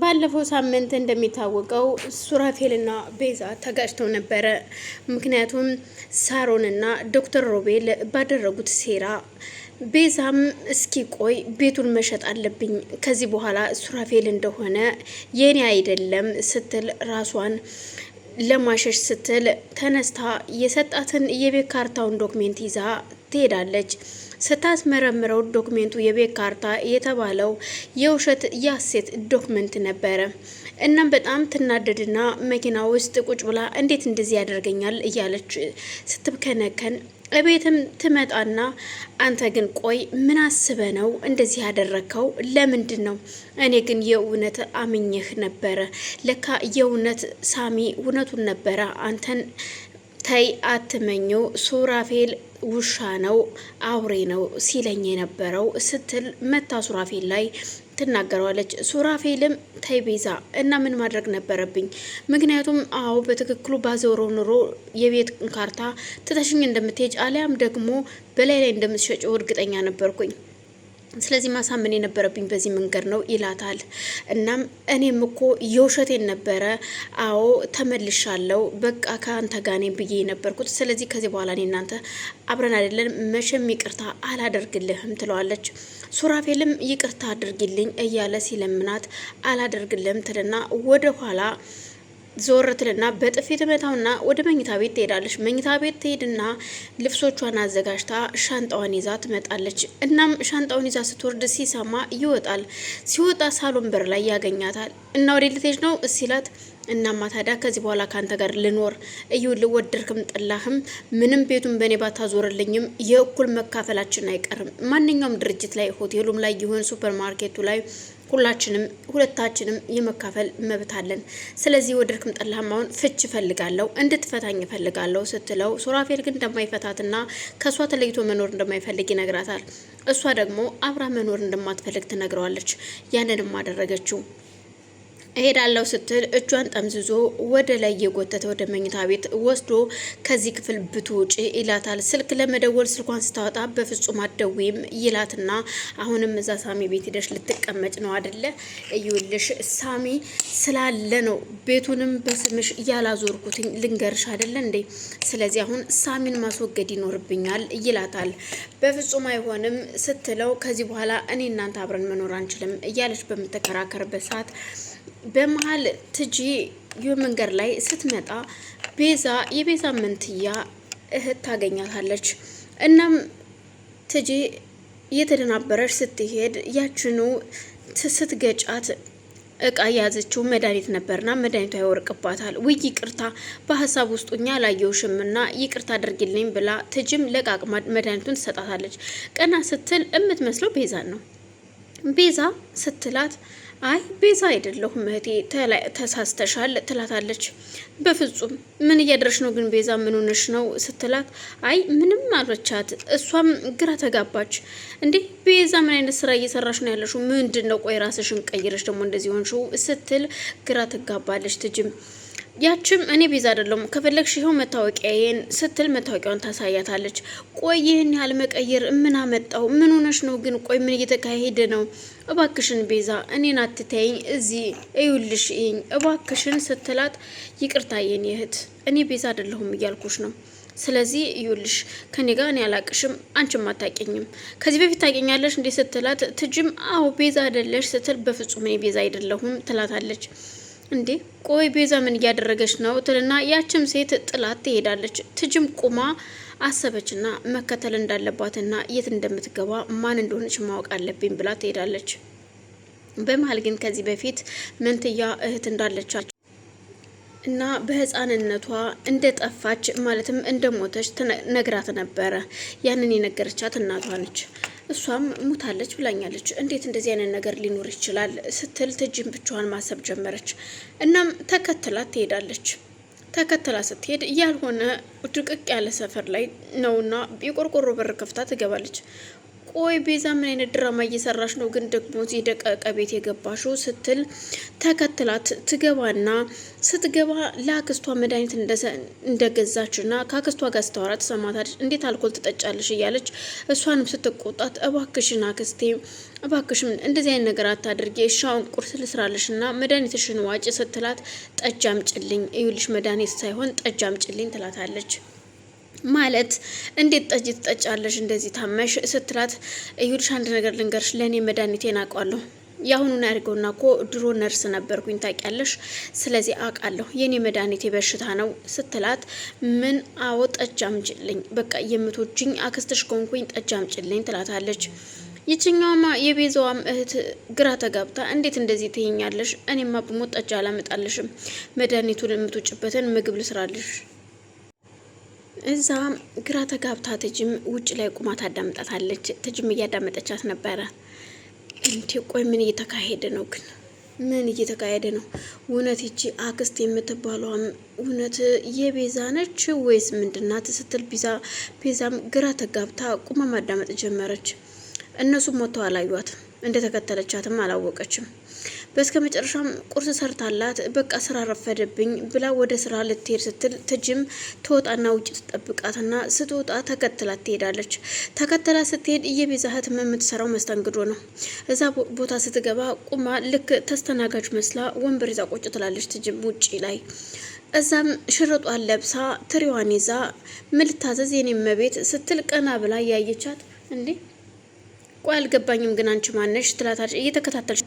ባለፈው ሳምንት እንደሚታወቀው ሱራፌልና ቤዛ ተጋጭተው ነበረ። ምክንያቱም ሳሮንና ዶክተር ሮቤል ባደረጉት ሴራ ቤዛም እስኪ ቆይ ቤቱን መሸጥ አለብኝ፣ ከዚህ በኋላ ሱራፌል እንደሆነ የኔ አይደለም ስትል ራሷን ለማሸሽ ስትል ተነስታ የሰጣትን የቤት ካርታውን ዶክሜንት ይዛ ትሄዳለች። ስታስመረምረው ዶክሜንቱ የቤት ካርታ የተባለው የውሸት የሐሰት ዶክመንት ነበረ። እናም በጣም ትናደድና መኪና ውስጥ ቁጭ ብላ እንዴት እንደዚህ ያደርገኛል እያለች ስትብከነከን እቤትም ትመጣና አንተ ግን ቆይ ምን አስበ ነው እንደዚህ ያደረግከው? ለምንድን ነው? እኔ ግን የእውነት አምኜህ ነበረ። ለካ የእውነት ሳሚ እውነቱን ነበረ። አንተን ተይ አትመኘው፣ ሱራፌል ውሻ ነው አውሬ ነው ሲለኝ የነበረው ስትል መታ ሱራፌል ላይ ትናገረዋለች። ሱራፌልም ተይ ቤዛ፣ እና ምን ማድረግ ነበረብኝ? ምክንያቱም አዎ በትክክሉ ባዞሮ ኑሮ የቤት ካርታ ትተሽኝ እንደምትሄጅ አሊያም ደግሞ በላይ ላይ እንደምትሸጭው እርግጠኛ ነበርኩኝ። ስለዚህ ማሳመን የነበረብኝ በዚህ መንገድ ነው ይላታል። እናም እኔም እኮ የውሸቴን ነበረ፣ አዎ ተመልሻለው፣ በቃ ከአንተ ጋኔ ብዬ የነበርኩት። ስለዚህ ከዚህ በኋላ እኔ እናንተ አብረን አይደለን፣ መቼም ይቅርታ አላደርግልህም ትለዋለች። ሱራፌልም ይቅርታ አድርጊልኝ እያለ ሲለምናት አላደርግልህም ትልና ወደኋላ ኋላ ዞር ትልና በጥፊ ትመታውና ወደ መኝታ ቤት ትሄዳለች። መኝታ ቤት ትሄድና ልብሶቿን አዘጋጅታ ሻንጣዋን ይዛ ትመጣለች። እናም ሻንጣውን ይዛ ስትወርድ ሲሰማ ይወጣል። ሲወጣ ሳሎን በር ላይ ያገኛታል እና ወደ ልትሄጂ ነው ሲላት እናማ ታዲያ ከዚህ በኋላ ከአንተ ጋር ልኖር እዩ ልወደድክም ጥላህም ምንም ቤቱን በእኔ ባታዞርልኝም የእኩል መካፈላችን አይቀርም። ማንኛውም ድርጅት ላይ ሆቴሉም ላይ ይሁን ሱፐር ማርኬቱ ላይ ሁላችንም ሁለታችንም የመካፈል መብት አለን። ስለዚህ ወደርክም ጠላህም አሁን ፍች እፈልጋለሁ እንድትፈታኝ እፈልጋለሁ ስትለው ሱራፌል ግን እንደማይፈታትና ከእሷ ተለይቶ መኖር እንደማይፈልግ ይነግራታል። እሷ ደግሞ አብራ መኖር እንደማትፈልግ ትነግረዋለች። ያንንም አደረገችው። እሄዳለሁ ስትል እጇን ጠምዝዞ ወደ ላይ የጎተተ ወደ መኝታ ቤት ወስዶ ከዚህ ክፍል ውጪ ይላታል። ስልክ ለመደወል ስልኳን ስታወጣ በፍጹም አትደውይም ይላትና አሁንም እዛ ሳሚ ቤት ሄደሽ ልትቀመጭ ነው አደለ? እዩልሽ ሳሚ ስላለ ነው ቤቱንም በስምሽ ያላዞርኩትኝ ልንገርሽ አደለ እንዴ? ስለዚህ አሁን ሳሚን ማስወገድ ይኖርብኛል ይላታል። በፍጹም አይሆንም ስትለው ከዚህ በኋላ እኔ እናንተ አብረን መኖር አንችልም እያለች በምትከራከርበት ሰዓት በመሀል ትጂ የመንገድ ላይ ስትመጣ ቤዛ የቤዛ መንትያ እህት ታገኛታለች። እናም ትጂ እየተደናበረች ስትሄድ ያችኑ ስትገጫት እቃ የያዘችው መድኃኒት ነበርና መድኃኒቷ ይወርቅባታል። ውይ ይቅርታ፣ በሀሳብ ውስጡኛ ላየውሽምና ይቅርታ አድርጊልኝ ብላ ትጅም ለቃቅማ መድኃኒቱን ትሰጣታለች። ቀና ስትል የምትመስለው ቤዛን ነው። ቤዛ ስትላት አይ ቤዛ አይደለሁም እህቴ ተሳስተሻል ትላታለች። በፍጹም ምን እያደረሽ ነው ግን ቤዛ ምን ሆነሽ ነው ስትላት አይ ምንም አለቻት። እሷም ግራ ተጋባች። እንዴ ቤዛ ምን አይነት ስራ እየሰራሽ ነው ያለሽው? ምንድን ነው ቆይ ራስሽን ቀይረሽ ደግሞ እንደዚህ ሆንሽው ስትል ግራ ትጋባለች ትጅም ያችም እኔ ቤዛ አይደለሁም ከፈለግሽ ይኸው መታወቂያዬን ስትል መታወቂያውን ታሳያታለች። ቆይ ይህን ያህል መቀየር ምን አመጣው? ምን ሆነሽ ነው ግን? ቆይ ምን እየተካሄደ ነው? እባክሽን ቤዛ እኔን አትተይኝ፣ እዚህ እዩልሽ ይኝ እባክሽን ስትላት፣ ይቅርታ የኔ እህት እኔ ቤዛ አይደለሁም እያልኩሽ ነው ስለዚህ እዩልሽ ከኔ ጋር እኔ አላቅሽም፣ አንቺም አታውቂኝም። ከዚህ በፊት ታውቂኛለሽ እንዴ ስትላት፣ ትጅም አዎ ቤዛ አይደለሽ ስትል፣ በፍጹም እኔ ቤዛ አይደለሁም ትላታለች። እንዴ ቆይ ቤዛ ምን እያደረገች ነው ትልና ያችም ሴት ጥላት ትሄዳለች። ትጅም ቁማ አሰበችና መከተል እንዳለባትና የት እንደምትገባ ማን እንደሆነች ማወቅ አለብኝ ብላ ትሄዳለች። በመሀል ግን ከዚህ በፊት መንትያ እህት እንዳለቻቸው እና በህፃንነቷ እንደ ጠፋች ማለትም እንደ ሞተች ነግራት ነበረ። ያንን የነገረቻት እናቷ ነች። እሷም ሙታለች ብላኛለች፣ እንዴት እንደዚህ አይነት ነገር ሊኖር ይችላል ስትል ትጅን ብቻዋን ማሰብ ጀመረች። እናም ተከትላ ትሄዳለች። ተከትላ ስትሄድ ያልሆነ ድቅቅ ያለ ሰፈር ላይ ነውና የቆርቆሮ በር ከፍታ ትገባለች። ቆይ ቤዛ ምን አይነት ድራማ እየሰራች ነው ግን ደግሞ እዚህ ደቀቀ ቤት የገባሽው? ስትል ተከትላት ትገባና ስትገባ ለአክስቷ መድኃኒት እንደገዛች ና ከአክስቷ ጋር ስታወራ ትሰማታለች። እንዴት አልኮል ትጠጫለሽ? እያለች እሷንም ስትቆጣት እባክሽን አክስቴ እባክሽም እንደዚህ አይነት ነገር አታድርጊ፣ እሻውን ቁርስ ልስራልሽ ና መድኃኒትሽን ዋጭ ስትላት ጠጅ አምጭልኝ፣ እዩልሽ መድኃኒት ሳይሆን ጠጅ አምጭልኝ ትላታለች። ማለት እንዴት ጠጅ ትጠጫለሽ እንደዚህ ታመሽ ስትላት፣ ይኸውልሽ አንድ ነገር ልንገርሽ፣ ለእኔ መድኃኒቴን አውቃለሁ። የአሁኑን ያድርገውና ኮ ድሮ ነርስ ነበርኩኝ ታውቂያለሽ። ስለዚህ አውቃለሁ የእኔ መድኃኒቴ በሽታ ነው ስትላት፣ ምን አዎ ጠጅ አምጭልኝ፣ በቃ የምትወጂኝ አክስትሽ ከሆንኩኝ ጠጅ አምጭልኝ ትላታለች። ይችኛውማ የቤዛዋም እህት ግራ ተጋብታ እንዴት እንደዚህ ትይኛለሽ? እኔማ ብሞት ጠጅ አላመጣልሽም፣ መድኃኒቱን የምትውጭበትን ምግብ ልስራልሽ እዛ ግራ ተጋብታ ተጅም ውጭ ላይ ቁማ ታዳምጣታለች። ተጅም እያዳመጠቻት ነበረ። እንዴ ቆይ ምን እየተካሄደ ነው ግን? ምን እየተካሄደ ነው? እውነት ይቺ አክስት የምትባሏም እውነት የቤዛ ነች ወይስ ምንድናት? ስትል ቤዛም ግራ ተጋብታ ቁማ ማዳመጥ ጀመረች። እነሱም ሞተው አላዩት፣ እንደተከተለቻትም አላወቀችም። በስከ መጨረሻም ቁርስ ሰርታላት በቃ ስራ ረፈደብኝ ብላ ወደ ስራ ልትሄድ ስትል ትጅም ትወጣና ውጭ ትጠብቃትና ስትወጣ ተከትላት ትሄዳለች። ተከትላ ስትሄድ የቤዛ እህት የምትሰራው መስተንግዶ ነው። እዛ ቦታ ስትገባ ቁማ ልክ ተስተናጋጅ መስላ ወንበር ይዛ ቁጭ ትላለች። ትጅም ውጪ ላይ እዛም ሽርጧን ለብሳ ትሪዋን ይዛ ምልታዘዝ የኔም የኔ መቤት ስትል ቀና ብላ እያየቻት እንዴ ቆይ አልገባኝም፣ ግን አንቺ ማነሽ? ትላታች እየተከታተለች